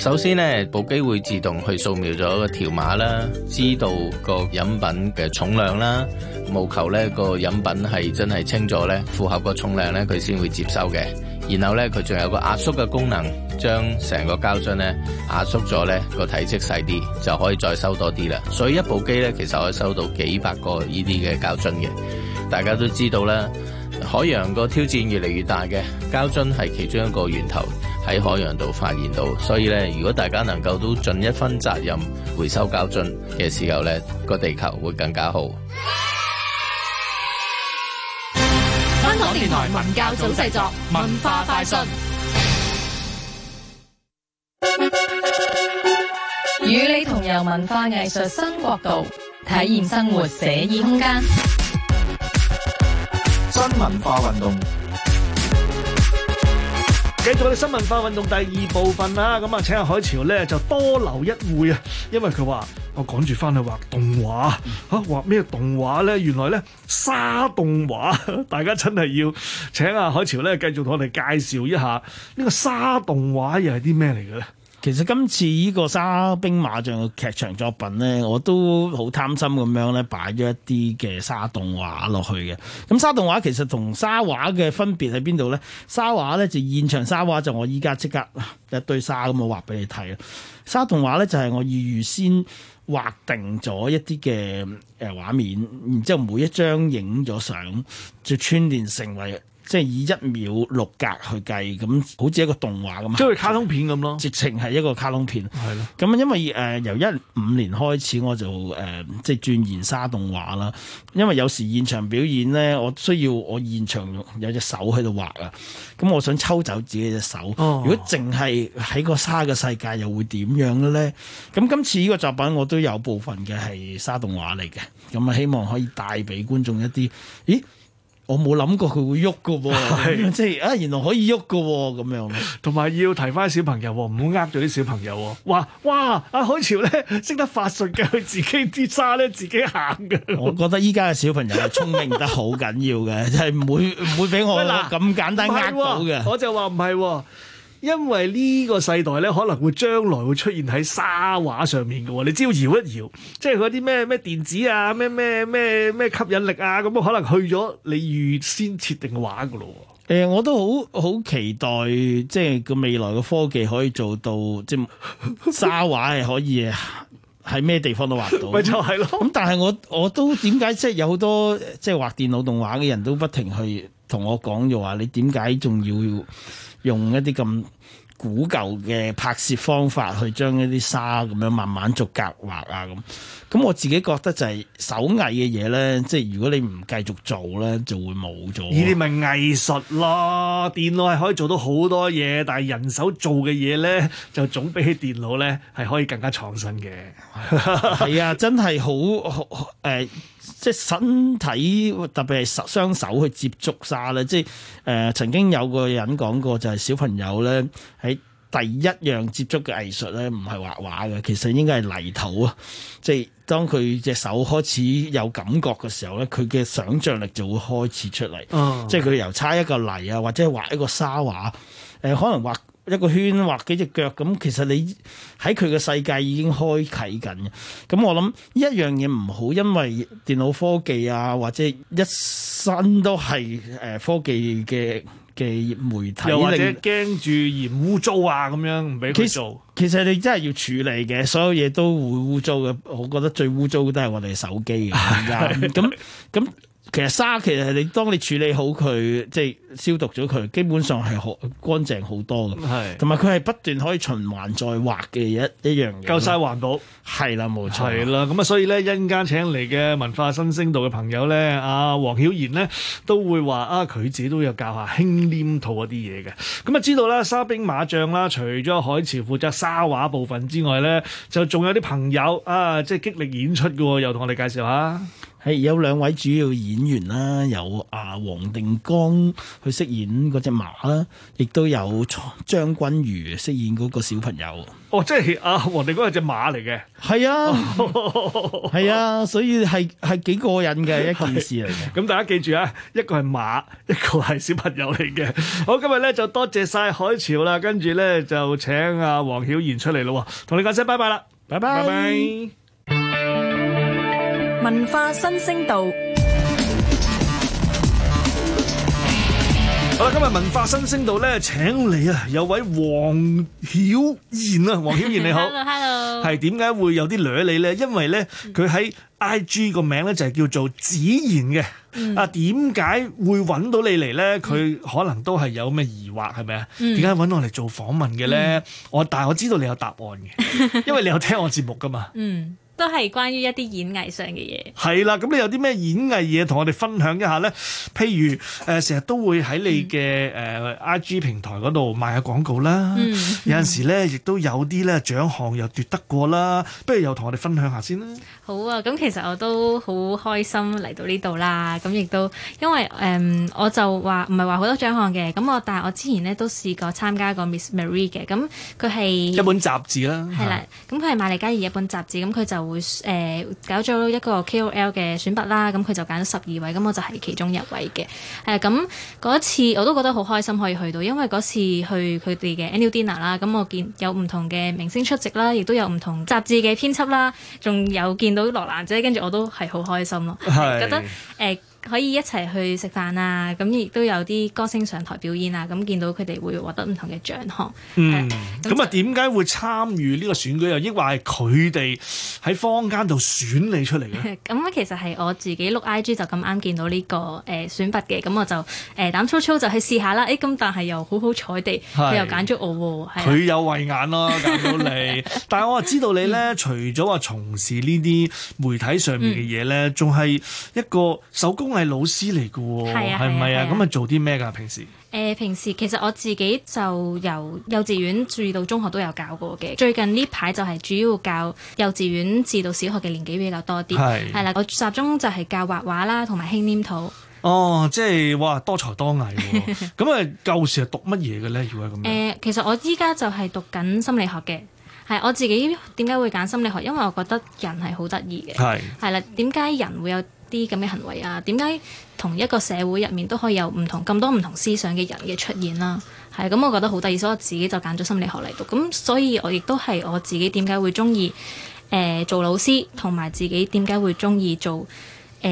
首先呢部機會自動去掃描咗個條碼啦，知道個飲品嘅重量啦。務求呢個飲品係真係清咗呢，符合個重量呢，佢先會接收嘅。然後呢，佢仲有個壓縮嘅功能，將成個膠樽呢壓縮咗呢個體積細啲，就可以再收多啲啦。所以一部機呢，其實可以收到幾百個呢啲嘅膠樽嘅。大家都知道啦，海洋個挑戰越嚟越大嘅膠樽係其中一個源頭。喺海洋度發現到，所以咧，如果大家能夠都盡一分責任回收膠樽嘅時候咧，個地球會更加好。香港電台文教組製作文化快訊，與你同遊文化藝術新國度，體驗生活寫意空間，新文化運動。繼續我哋新文化運動第二部分啦，咁啊，請阿海潮咧就多留一會啊，因為佢話我趕住翻去畫動畫，吓，畫咩動畫咧？原來咧沙動畫， [LAUGHS] 大家真係要請阿海潮咧繼續同我哋介紹一下呢個沙動畫又係啲咩嚟嘅咧？其實今次呢個沙兵馬將嘅劇場作品咧，我都好貪心咁樣咧，擺咗一啲嘅沙動畫落去嘅。咁沙動畫其實同沙畫嘅分別喺邊度咧？沙畫咧就現場沙畫，就我依家即刻一堆沙，咁我畫俾你睇啦。沙動畫咧就係我預先畫定咗一啲嘅誒畫面，然之後每一張影咗相，就串聯成為。即係以一秒六格去計，咁好似一個動畫咁嘛，即係卡通片咁咯，直情係一個卡通片。係咯的。咁啊，因為誒、呃、由一五年開始，我就誒、呃、即係鑽研沙動畫啦。因為有時現場表演咧，我需要我現場有隻手喺度畫啊。咁我想抽走自己隻手。哦。如果淨係喺個沙嘅世界，又會點樣咧？咁今次呢個作品，我都有部分嘅係沙動畫嚟嘅。咁啊，希望可以帶俾觀眾一啲咦？我冇諗過佢會喐噶、哦，是即係啊，原來可以喐噶咁樣。同埋要提翻小朋友、哦，唔好呃咗啲小朋友、哦。話哇，阿海潮咧識得法術嘅，佢自己啲渣咧自己行嘅。我覺得依家嘅小朋友係聰明得好緊要嘅，係唔 [LAUGHS] 會唔 [LAUGHS] 會俾我咁簡單到呃到嘅、啊。我就話唔係。因為呢個世代咧，可能會將來會出現喺沙畫上面嘅喎，你只要搖一搖，即係嗰啲咩咩電子啊，咩咩咩咩吸引力啊，咁可能去咗你預先設定嘅畫㗎咯。誒、呃，我都好好期待，即係個未來嘅科技可以做到，即沙畫係可以喺咩地方都畫到。咪就係咯。咁但係我我都點解即係有好多即係畫電腦動畫嘅人都不停去。同我講就話你點解仲要用一啲咁古舊嘅拍攝方法去將一啲沙咁樣慢慢逐格畫啊咁？咁我自己覺得就係手藝嘅嘢咧，即係如果你唔繼續做咧，就會冇咗。呢啲咪藝術咯，電腦係可以做到好多嘢，但係人手做嘅嘢咧，就總比起電腦咧係可以更加創新嘅。係 [LAUGHS] 啊，真係好好誒！即係身體，特別係雙手去接觸沙咧。即係誒、呃、曾經有個人講過，就係、是、小朋友咧，喺第一樣接觸嘅藝術咧，唔係畫畫嘅，其實應該係泥土啊。即係當佢隻手開始有感覺嘅時候咧，佢嘅想像力就會開始出嚟。Oh, okay. 即係佢由搓一個泥啊，或者畫一個沙畫，誒、呃、可能畫，一個圈畫幾隻腳咁，其實你喺佢嘅世界已經開啟緊嘅。咁我諗一樣嘢唔好，因為電腦科技啊，或者一身都係誒、呃、科技嘅嘅媒體。又或者驚住嫌污糟啊，咁樣唔俾佢做。其實你真係要處理嘅，所有嘢都會污糟嘅。我覺得最污糟都係我哋手機。係咁咁。其實沙其實係你當你處理好佢，即係消毒咗佢，基本上係好乾淨好多嘅，係是，同埋佢係不斷可以循環再畫嘅一一樣嘅，夠晒環保，係啦，冇錯，係啦，咁啊，所以咧，一陣間請嚟嘅文化新星道嘅朋友咧，阿王曉妍呢，都會話啊，佢自己都有教下輕黏土嗰啲嘢嘅，咁啊，就知道啦，沙兵馬將啦，除咗海潮負責沙畫部分之外咧，就仲有啲朋友啊，即係激烈演出嘅，又同我哋介紹下。係有兩位主要演員啦，有阿黃定光去飾演嗰隻馬啦，亦都有張君如飾演嗰個小朋友。哦，即係阿黃定光係隻馬嚟嘅，係啊，係、哦、啊，哦、所以係係幾過癮嘅一件事嚟嘅。咁大家記住啊，一個係馬，一個係小朋友嚟嘅。好，今日咧就多謝晒海潮啦，跟住咧就請阿王曉妍出嚟咯，同你講聲拜拜啦，拜拜。拜拜。文化新星道，好啦， [MUSIC] 今日文化新星道咧，請你啊，有位王曉妍啊，王曉妍你好，Hello，Hello，係點解會有啲掠你咧？因為咧，佢喺 IG 個名咧就係叫做子言嘅。啊、嗯，點解會揾到你嚟咧？佢可能都係有咩疑惑，係咪啊？點解揾我嚟做訪問嘅咧？嗯、我但係我知道你有答案嘅，因為你有聽我節目噶嘛。 [LAUGHS] 嗯。都係關於一啲演藝上嘅嘢。係啦，咁你有啲咩演藝嘢同我哋分享一下呢？譬如誒，成、呃、日都會喺你嘅誒 I G 平台嗰度賣下廣告啦。嗯、有陣時呢，亦都有啲咧獎項又奪得過啦。不如又同我哋分享下先啦。好啊，咁其實我都好開心嚟到呢度啦。咁亦都因為誒、嗯，我就話唔係話好多獎項嘅。咁我但係我之前呢都試過參加過 Miss Marie 嘅。咁佢係一本雜誌啦。係啦，咁佢係瑪麗嘉兒一本雜誌，咁佢就。誒、嗯、搞咗一個 KOL 嘅選拔啦，咁佢就揀咗十二位，咁我就係其中一位嘅。誒咁嗰次我都覺得好開心可以去到，因為嗰次去佢哋嘅 Annual Dinner 啦，咁我見有唔同嘅明星出席啦，亦都有唔同雜誌嘅編輯啦，仲有見到羅蘭姐，跟住我都係好開心咯，是 [LAUGHS] 覺得誒。呃可以一齊去食飯啊！咁亦都有啲歌星上台表演啊！咁見到佢哋會獲得唔同嘅獎項。嗯，咁啊點解會參與呢個選舉又抑或係佢哋喺坊間度選你出嚟咧？咁、嗯、其實係我自己碌 IG 就咁啱見到呢個誒選拔嘅，咁我就誒膽粗粗就去試下啦。誒、欸、咁但係又好好彩地，佢又揀咗我。佢是、啊、有慧眼咯，揀到你。 [LAUGHS] 但係我係知道你咧，嗯、除咗話從事呢啲媒體上面嘅嘢咧，仲係一個手工。都係老師嚟嘅、哦，係咪啊？咁啊，啊做啲咩噶平時？誒、呃，平時其實我自己就由幼稚園至到中學都有教過嘅。最近呢排就係主要教幼稚園至到小學嘅年紀比較多啲。係係啦，我集中就係教畫畫啦，同埋輕黏土。哦，即係哇，多才多藝。咁啊，舊時係讀乜嘢嘅咧？如果咁樣？誒、呃，其實我依家就係讀緊心理學嘅。係我自己點解會揀心理學？因為我覺得人係好得意嘅。係係啦，點解人，人會有？啲咁嘅行為啊，點解同一個社會入面都可以有唔同咁多唔同思想嘅人嘅出現啦、啊？係咁，我覺得好得意，所以我自己就揀咗心理學嚟讀，咁所以我亦都係我自己點解會中意誒做老師同埋自己點解會中意做誒、呃、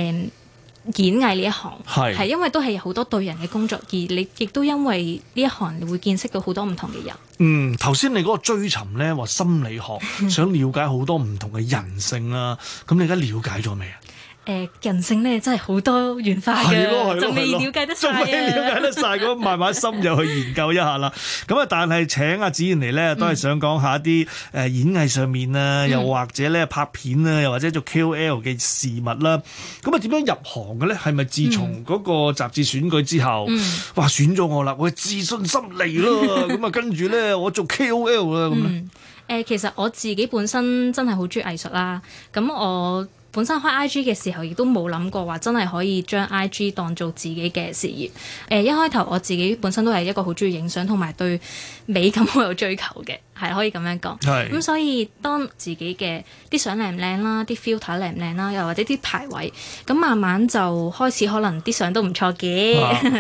演藝呢一行？係是，係因為都係好多對人嘅工作，而你亦都因為呢一行會見識到好多唔同嘅人。嗯，頭先你嗰個追尋咧話心理學 [LAUGHS] 想了解好多唔同嘅人性啦、啊。咁你而家了解咗未啊？誒，人性咧真係好多元化嘅，仲未了解得晒、啊，仲未了解得晒，咁慢慢深入去研究一下啦。咁啊，但係請阿子賢嚟咧，都係想講下一啲誒演藝上面啊，又或者咧拍片啊，又或者做 K O L 嘅事物啦。咁啊、嗯，點樣入行嘅咧？係咪自從嗰個雜誌選舉之後，嗯、哇，選咗我啦，我自信心嚟咯。咁啊、嗯，跟住咧，我做 K O L 啊咁咯。誒、嗯呃，其實我自己本身真係好中意藝術啦。咁我。本身開 IG 嘅時候，亦都冇諗過話真係可以將 IG 當做自己嘅事業。誒、呃，一開頭我自己本身都係一個好鍾意影相，同埋對美感好有追求嘅，係可以咁樣講。咁是的、嗯、所以當自己嘅啲相靚唔靚啦，啲 filter 靚唔靚啦，又或者啲排位，咁慢慢就開始可能啲相都唔錯嘅，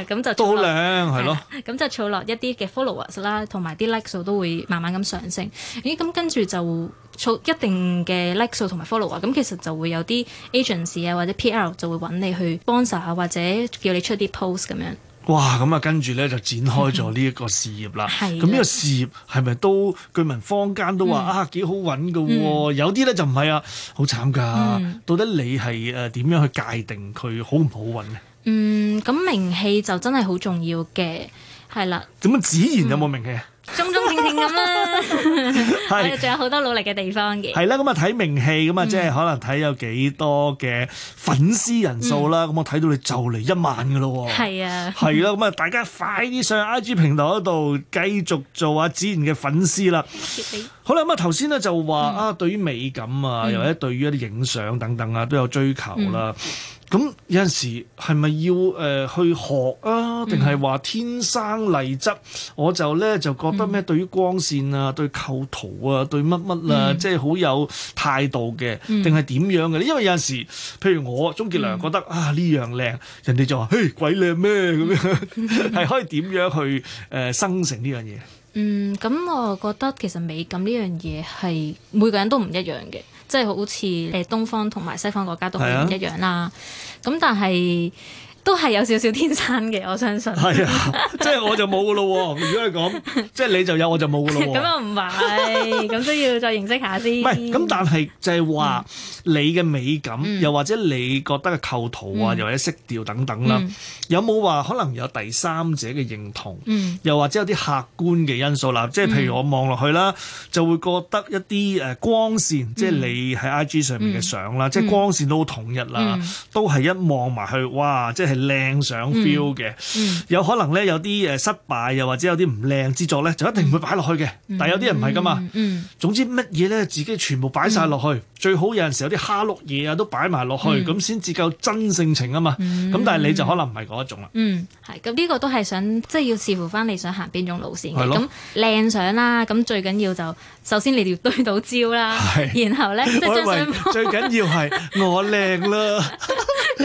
咁哇 [LAUGHS] 就都靚，係咯。咁、啊、就儲落一啲嘅 followers 啦，同埋啲 likes 都會慢慢咁上升。咦、嗯，咁、嗯嗯、跟住就。一定嘅 like 數同埋 follow 啊、er,，咁其實就會有啲 agency 啊或者 PL 就會揾你去 sponsor、er、啊，或者叫你出啲 post 咁樣。哇！咁啊，跟住咧就展開咗呢一個事業啦。咁呢 [LAUGHS] 的個事業係咪都據聞坊間都話、嗯、啊幾好揾噶？有啲咧就唔係啊，好、嗯啊、慘噶。嗯、到底你係誒點樣去界定佢好唔好揾咧？嗯，咁名氣就真係好重要嘅。係啦，咁啊子賢有冇名氣？中中、嗯、正正咁啦，係 [LAUGHS] 是，仲 [LAUGHS] 有好多努力嘅地方嘅。係啦，咁啊睇名氣，咁啊即係可能睇有幾多嘅粉絲人數啦。咁、嗯嗯、我睇到你就嚟一萬噶咯，係啊，係啦，咁啊大家快啲上 I G 平台嗰度繼續做啊子賢嘅粉絲啦。 [LAUGHS] 好啦，咁啊頭先咧就話、嗯、啊，對於美感啊，又或者對於一啲影相等等啊，都有追求啦。嗯咁有陣時係咪要誒去學啊？定係話天生麗質？嗯、我就咧就覺得咩？對於光線啊、對構圖啊、對乜乜啦，即係好有態度嘅，定係點樣嘅呢？因為有陣時，譬如我鍾傑良覺得、嗯、啊呢樣靚，人哋就話嘿鬼靚咩咁樣，係 [LAUGHS] 可以點樣去誒生成呢樣嘢？嗯，咁我覺得其實美感呢樣嘢係每個人都唔一樣嘅。即係好似誒東方同埋西方國家都係唔一樣啦，咁係、啊、但係。都係有少少天生嘅，我相信。係啊，即係我就冇噶咯喎！如果係咁，即係你就有我就冇噶咯喎。咁又唔係，咁都要再認識下先。唔係咁，但係就係話你嘅美感，又或者你覺得嘅構圖啊，又或者色調等等啦，有冇話可能有第三者嘅認同？又或者有啲客觀嘅因素啦，即係譬如我望落去啦，就會覺得一啲誒光線，即係你喺 I G 上面嘅相啦，即係光線都好統一啦，都係一望埋去，哇！即係。係靚相 feel 嘅，有可能咧有啲誒失敗，又或者有啲唔靚之作咧，就一定唔會擺落去嘅。但係有啲人唔係噶嘛。總之乜嘢咧，自己全部擺晒落去，最好有陣時有啲蝦碌嘢啊都擺埋落去，咁先至夠真性情啊嘛。咁但係你就可能唔係嗰一種啦。嗯，係咁呢個都係想，即係要視乎翻你想行邊種路線。係咯。咁靚相啦，咁最緊要就首先你要對到焦啦，然後咧。我以為最緊要係我靚啦。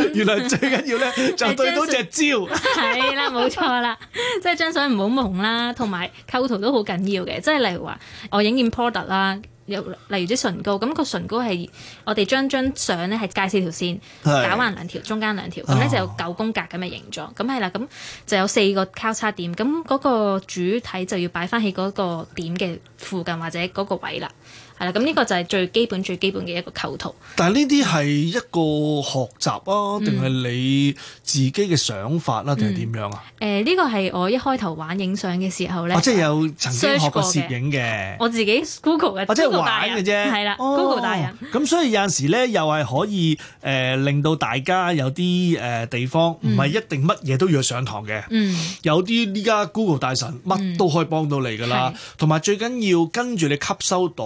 [LAUGHS] 原來最緊要咧就對到隻焦，係 [LAUGHS] 啦冇錯啦，即係張相唔好蒙啦，同埋構圖都好緊要嘅。即係例如話，我影件 product 啦，有例如啲唇膏，咁、個唇膏係我哋將張相咧係介四條線，打橫兩條，中間兩條，咁咧的就有九宮格咁嘅形狀，咁係啦，咁就有四個交叉點，咁嗰個主體就要擺翻喺嗰個點嘅附近或者嗰個位啦。係啦，咁呢個就係最基本最基本嘅一個構圖。但係呢啲係一個學習啊，定係你自己嘅想法啦，定係點樣啊？誒，呢個係我一開頭玩影相嘅時候咧，即係有曾經學過攝影嘅。我自己 Google 嘅，即係玩嘅啫，係啦，Google 大人。咁所以有陣時咧，又係可以誒令到大家有啲誒地方唔係一定乜嘢都要上堂嘅。嗯，有啲依家 Google 大神乜都可以幫到你噶啦，同埋最緊要跟住你吸收到。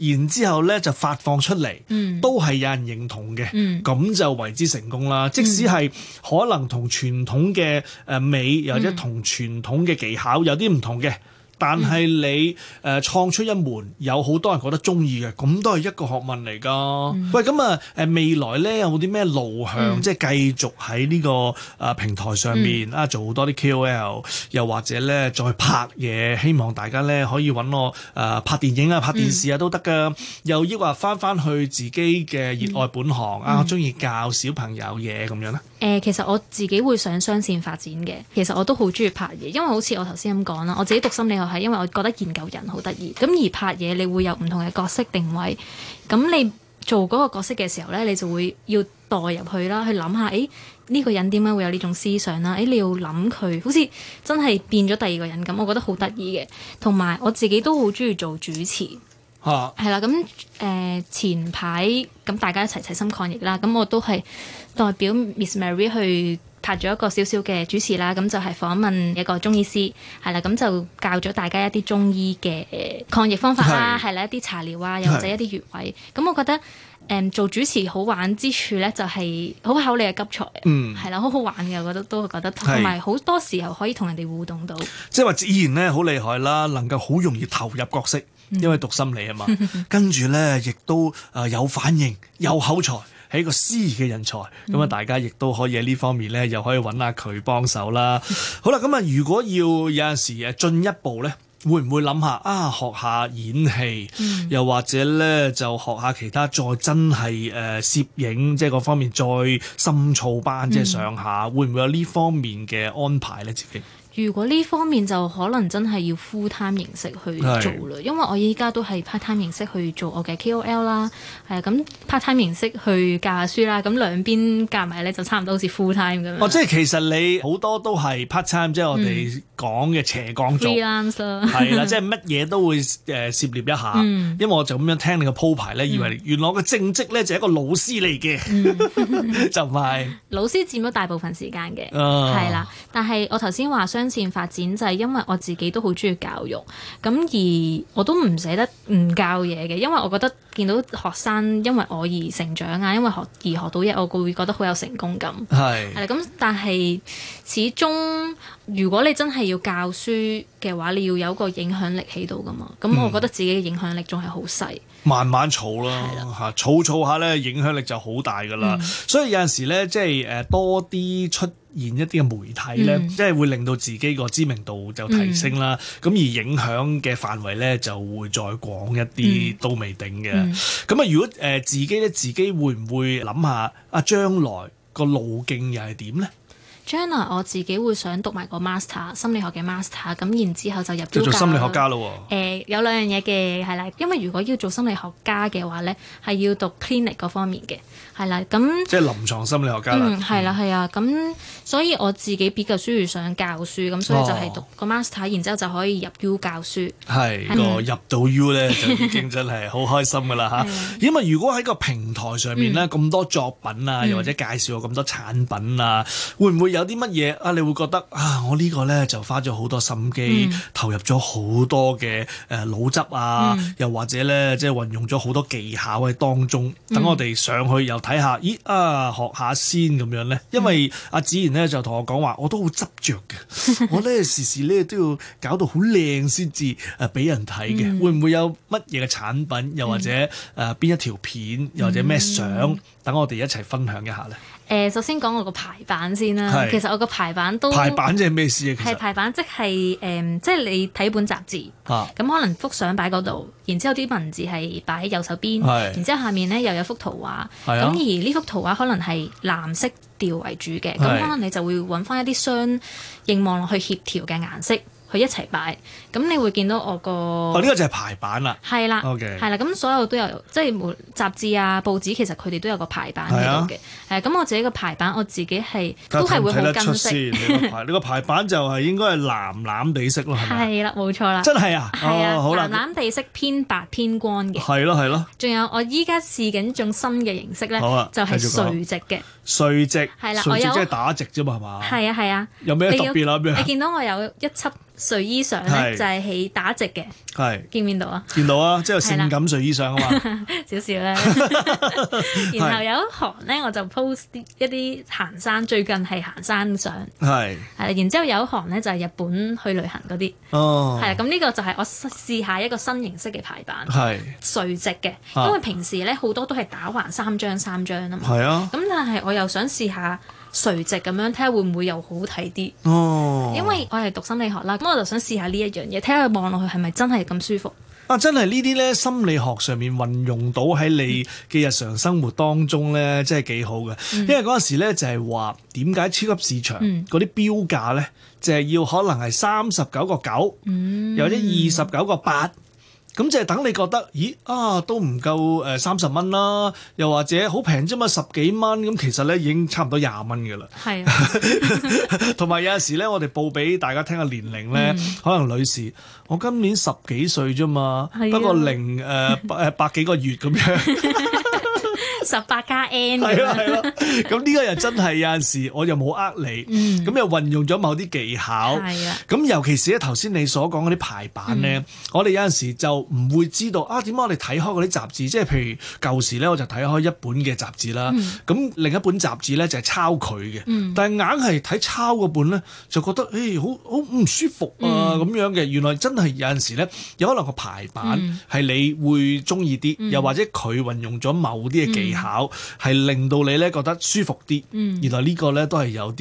然之後咧就發放出嚟，嗯、都係有人認同嘅，咁、嗯、就為之成功啦。嗯、即使係可能同傳統嘅誒美，嗯、或者同傳統嘅技巧有啲唔同嘅。但係你誒、嗯呃、創出一門，有好多人覺得中意嘅，咁都係一個學問嚟㗎。嗯、喂，咁啊誒未來咧有冇啲咩路向，嗯、即係繼續喺呢、呢個誒、呃、平台上面啊，嗯、做多啲 KOL，又或者咧再拍嘢，希望大家咧可以搵我誒、呃、拍電影啊、拍電視啊都得㗎，嗯、又抑或返返去自己嘅熱愛本行、嗯嗯、啊，中意教小朋友嘢咁樣啦。誒，其實我自己會想雙線發展嘅。其實我都好中意拍嘢，因為好似我頭先咁講啦。我自己讀心理學係，因為我覺得研究人好得意。咁而拍嘢，你會有唔同嘅角色定位。咁你做嗰個角色嘅時候呢，你就會要代入去啦，去諗下誒，呢個人點解會有呢種思想啦。誒，你要諗佢好似真係變咗第二個人咁，我覺得好得意嘅。同埋我自己都好中意做主持。係啦，咁誒、啊呃、前排咁大家一齊齊心抗疫啦，咁我都係代表 Miss Mary 去拍咗一個小小嘅主持啦，咁就係訪問一個中醫師，係啦，咁就教咗大家一啲中醫嘅抗疫方法啦，係啦是，一啲茶療啊，又或者一啲穴位，咁的我覺得誒、呃、做主持好玩之處咧，就係好考你嘅急才，嗯，係啦，好好玩嘅，我覺得都覺得同埋好多時候可以同人哋互動到，即係話自然咧好厲害啦，能夠好容易投入角色。因為讀心理啊嘛， [LAUGHS] 跟住咧亦都誒有反應，有口才，係一個司儀嘅人才，咁啊、嗯、大家亦都可以喺呢方面咧，又可以揾下佢幫手啦。嗯、好啦，咁啊如果要有陣時誒進一步咧，會唔會諗下啊學下演戲，嗯、又或者咧就學下其他再真係誒、呃、攝影，即係嗰方面再深造班即係、就是、上下，嗯、會唔會有呢方面嘅安排咧？自己？如果呢方面就可能真係要 full time 形式去做嘞，是因為我依家都係 part time 形式去做我嘅 KOL 啦，係、嗯、啊，咁 part time 形式去教書啦，咁兩邊夾埋咧就差唔多好似 full time 咁樣。哦，即係其實你好多都係 part time，即係我哋講嘅斜槓族，係啦、嗯，即係乜嘢都會誒、呃、涉獵一下，嗯、因為我就咁樣聽你個鋪排咧，以為原來個正職咧就係一個老師嚟嘅，嗯、 [LAUGHS] [LAUGHS] 就唔係是老師佔咗大部分時間嘅，係啦、啊，但係我頭先話。相。線發展就係因為我自己都好中意教育，咁而我都唔捨得唔教嘢嘅，因為我覺得見到學生因為我而成長啊，因為學而學到嘢，我會覺得好有成功感。係係咁，但係始終如果你真係要教書嘅話，你要有一個影響力喺度噶嘛。咁、嗯、我覺得自己嘅影響力仲係好細，慢慢儲啦，吓儲儲下咧，影響力就好大噶啦。嗯、所以有陣時咧，即係誒多啲出。現一啲嘅媒體咧，即係、嗯、會令到自己個知名度就提升啦。咁、嗯、而影響嘅範圍咧，就會再廣一啲，都未定嘅。咁啊、嗯，嗯、如果誒、呃、自己咧，自己會唔會諗下啊？將來個路徑又係點咧？將來我自己會想讀埋個 master 心理學嘅 master，咁然之後，後就入咗就做心理學家咯、哦。誒、欸，有兩樣嘢嘅係啦，因為如果要做心理學家嘅話咧，係要讀 clinic 嗰方面嘅。係啦，咁即係臨床心理學家啦。嗯，係啦，係啊，咁所以我自己比較鍾意上教書，咁、哦、所以就係讀個 master，然之後就可以入 U 教書。係個的、嗯、入到 U 咧，就已經真係好開心㗎啦嚇！ [LAUGHS] 的因為如果喺個平台上面咧，咁多作品啊，嗯、又或者介紹咗咁多產品啊，嗯、會唔會有啲乜嘢啊？你會覺得啊，我呢個咧就花咗好多心機，嗯、投入咗好多嘅誒腦汁啊，嗯、又或者咧即係運用咗好多技巧喺當中，等我哋上去有。睇下，咦啊，學下先咁樣咧，因為阿、嗯啊、子然咧就同我講話，我都好執着嘅，我咧時時咧都要搞到好靚先至誒俾人睇嘅，嗯、會唔會有乜嘢嘅產品，又或者誒邊、呃、一條片，又或者咩相，等、嗯、我哋一齊分享一下咧。誒、呃，首先講我個排版先啦是、啊。其實我個排版都排版即係咩事啊？係排版即係誒，即係、呃、你睇本雜誌，咁、啊、可能幅相擺嗰度，然之後啲文字係擺喺右手邊，是然之後下面咧又有幅圖畫。咁、啊、而呢幅圖畫可能係藍色調為主嘅，咁是可能你就會揾返一啲相應望落去協調嘅顏色。一齊擺，咁你會見到我個哦呢個就係排版啦，係啦，係啦，咁所有都有即係冇雜誌啊、報紙，其實佢哋都有個排版喺度嘅。係咁我自己個排版，我自己係都係會好金色。你個排版就係應該係藍藍地色咯，係嘛？係啦，冇錯啦，真係啊，係啊，藍藍地色偏白偏光嘅，係咯係咯。仲有我依家試緊一種新嘅形式咧，就係垂直嘅。垂直，垂直即係打直啫嘛，係嘛？係啊係啊。有咩特別啊？你見到我有一輯睡衣相咧，就係起打直嘅。係。見唔見到啊？見到啊，即係性感睡衣相啊嘛。少少啦。然後有一行咧，我就 post 一啲行山，最近係行山相。係。係，然之後有一行咧就係日本去旅行嗰啲。哦。係啊，咁呢個就係我試下一個新形式嘅排版。係。垂直嘅，因為平時咧好多都係打橫三張三張啊嘛。係啊。咁但係我。又想試下垂直咁樣，睇下會唔會又好睇啲哦。Oh. 因為我係讀心理學啦，咁我就想試下呢一樣嘢，睇下佢望落去係咪真係咁舒服啊！真係呢啲呢，心理學上面運用到喺你嘅日常生活當中呢，嗯、真係幾好嘅。因為嗰陣時呢就係話點解超級市場嗰啲標價呢，嗯、就係要可能係三十九個九，有啲二十九個八。咁即係等你覺得，咦啊都唔夠誒三十蚊啦，又或者好平啫嘛，十幾蚊咁，其實咧已經差唔多廿蚊㗎喇。係。同埋有陣時咧，我哋報俾大家聽下年齡咧，嗯、可能女士，我今年十幾歲啫嘛，不過是、啊、零誒、呃、百百幾個月咁樣。 [LAUGHS] 十八加 n，係咯，係咯，咁呢個又真係有陣時，我又冇呃你，咁、嗯、又運用咗某啲技巧，咁、嗯、尤其是咧頭先你所講嗰啲排版咧，嗯、我哋有陣時就唔會知道啊，點解我哋睇開嗰啲雜誌，即係譬如舊時咧，我就睇開一本嘅雜誌啦，咁、嗯、另一本雜誌咧就係抄佢嘅，嗯、但係硬係睇抄嗰本咧，就覺得誒、欸、好好唔舒服啊咁樣嘅，嗯、原來真係有陣時咧，有可能個排版係你會中意啲，又或者佢運用咗某啲嘅技巧。考係令到你咧覺得舒服啲，嗯、原來呢個咧都係有啲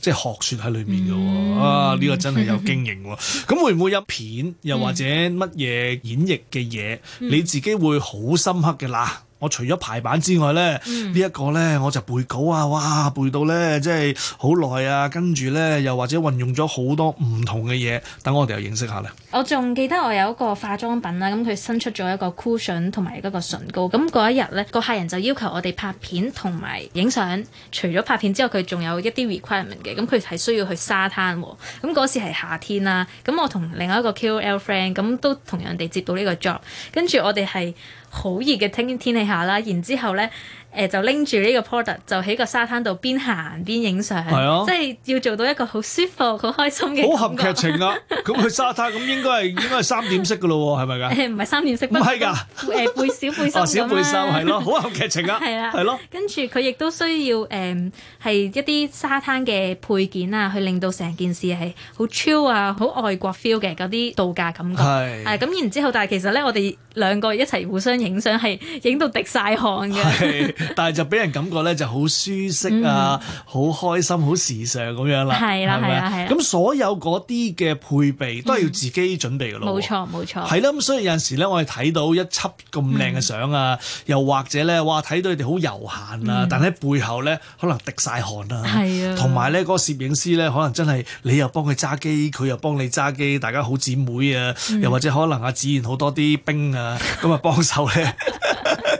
即係學說喺裏面嘅喎，嗯、啊呢、呢個真係有經營喎，咁 [LAUGHS] 會唔會有片又或者乜嘢演繹嘅嘢，嗯、你自己會好深刻嘅啦。我除咗排版之外呢，呢一、嗯、個呢，我就背稿啊，哇，背到呢，即係好耐啊，跟住呢，又或者運用咗好多唔同嘅嘢，等我哋又認識下喇。我仲記得我有一個化妝品啦，咁佢新出咗一個 cushion 同埋一個唇膏。咁嗰一日呢，個客人就要求我哋拍片同埋影相。除咗拍片之後，佢仲有一啲 requirement 嘅，咁佢係需要去沙灘。咁嗰時係夏天啦，咁我同另外一個 K O L friend，咁都同樣地接到呢個 job。跟住我哋係，好熱嘅天天氣下啦，然之後咧。誒、嗯、就拎住呢個 product 就喺個沙灘度邊行邊影相，啊、即係要做到一個好舒服、好開心嘅。好合劇情啊！咁 [LAUGHS] 去沙灘咁應該係應該係三點式噶咯喎，係咪㗎？唔係、呃、三點式，唔係㗎，誒、 [LAUGHS] 呃、背小背心，咁啊！小背心，係咯，好合劇情啊！係 [LAUGHS] 啊，係咯、啊。跟住佢亦都需要誒係、嗯、一啲沙灘嘅配件啊，去令到成件事係好 chill 啊，好外國 feel 嘅嗰啲度假感覺。係咁是、啊、然之後，但係其實咧，我哋兩個一齊互相影相，係影到滴晒汗嘅。是 [LAUGHS] [LAUGHS] 但係就俾人感覺咧，就好舒適啊，好、嗯、開心，好時尚咁樣啦。係啦的，係啊吧，係啊。咁所有嗰啲嘅配備都係要自己準備㗎咯。冇、嗯、錯，冇錯。係啦，咁所以有陣時咧，我哋睇到一輯咁靚嘅相啊，嗯、又或者咧，哇睇到你哋好悠閒啊，嗯、但喺背後咧，可能滴晒汗啊。係啊、嗯。同埋咧，嗰個攝影師咧，可能真係你又幫佢揸機，佢又幫你揸機，大家好姊妹啊。又或者可能阿子賢好多啲兵啊，咁啊幫手咧，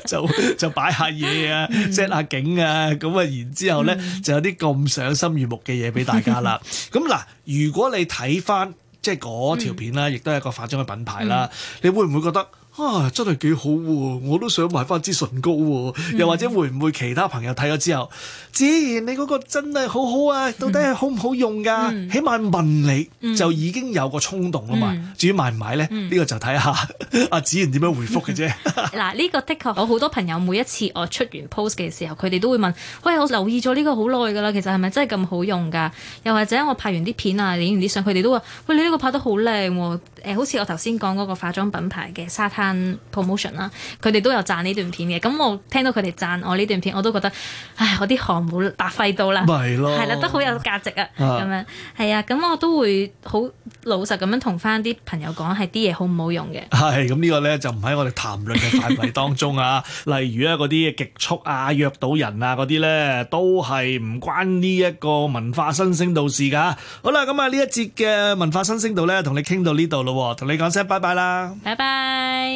就就擺下嘢啊。set 下景啊，咁啊，然之後咧 [NOISE] 就有啲咁賞心悅目嘅嘢俾大家啦。咁嗱， [LAUGHS] 如果你睇翻即係嗰條片啦， [NOISE] 亦都係一個化妝嘅品牌啦， [NOISE] 你會唔會覺得？啊，真係幾好喎、啊！我都想買翻支唇膏喎、啊。又或者會唔會其他朋友睇咗之後，子妍、嗯、你嗰個真係好好啊？嗯、到底係好唔好用噶、啊？嗯、起碼問你、嗯、就已經有個衝動啦嘛。嗯、至於買唔買呢？呢、嗯、個就睇下阿子妍點樣回覆嘅啫、嗯。嗱， [LAUGHS] 呢、呢個的確，我好多朋友每一次我出完 post 嘅時候，佢哋都會問：喂，我留意咗呢個好耐噶啦，其實係咪真係咁好用噶？又或者我拍完啲片啊、影完啲相，佢哋都話：喂，你呢個拍得好靚喎！好似我頭先講嗰個化妝品牌嘅沙灘。promotion 啦，佢哋都有讚呢段片嘅。咁我聽到佢哋讚我呢段片，我都覺得唉，我啲汗冇白費到啦，係啦，都好有價值啊，咁樣係啊，咁我都會好老實咁樣同翻啲朋友講，係啲嘢好唔好用嘅。係咁呢個咧就唔喺我哋談論嘅範圍當中啊， [LAUGHS] 例如啊嗰啲極速啊約到人啊嗰啲咧都係唔關呢一個文化新星道的事噶。好啦，咁啊呢一節嘅文化新星道咧同你傾到呢度咯，同你講聲拜拜啦，拜拜。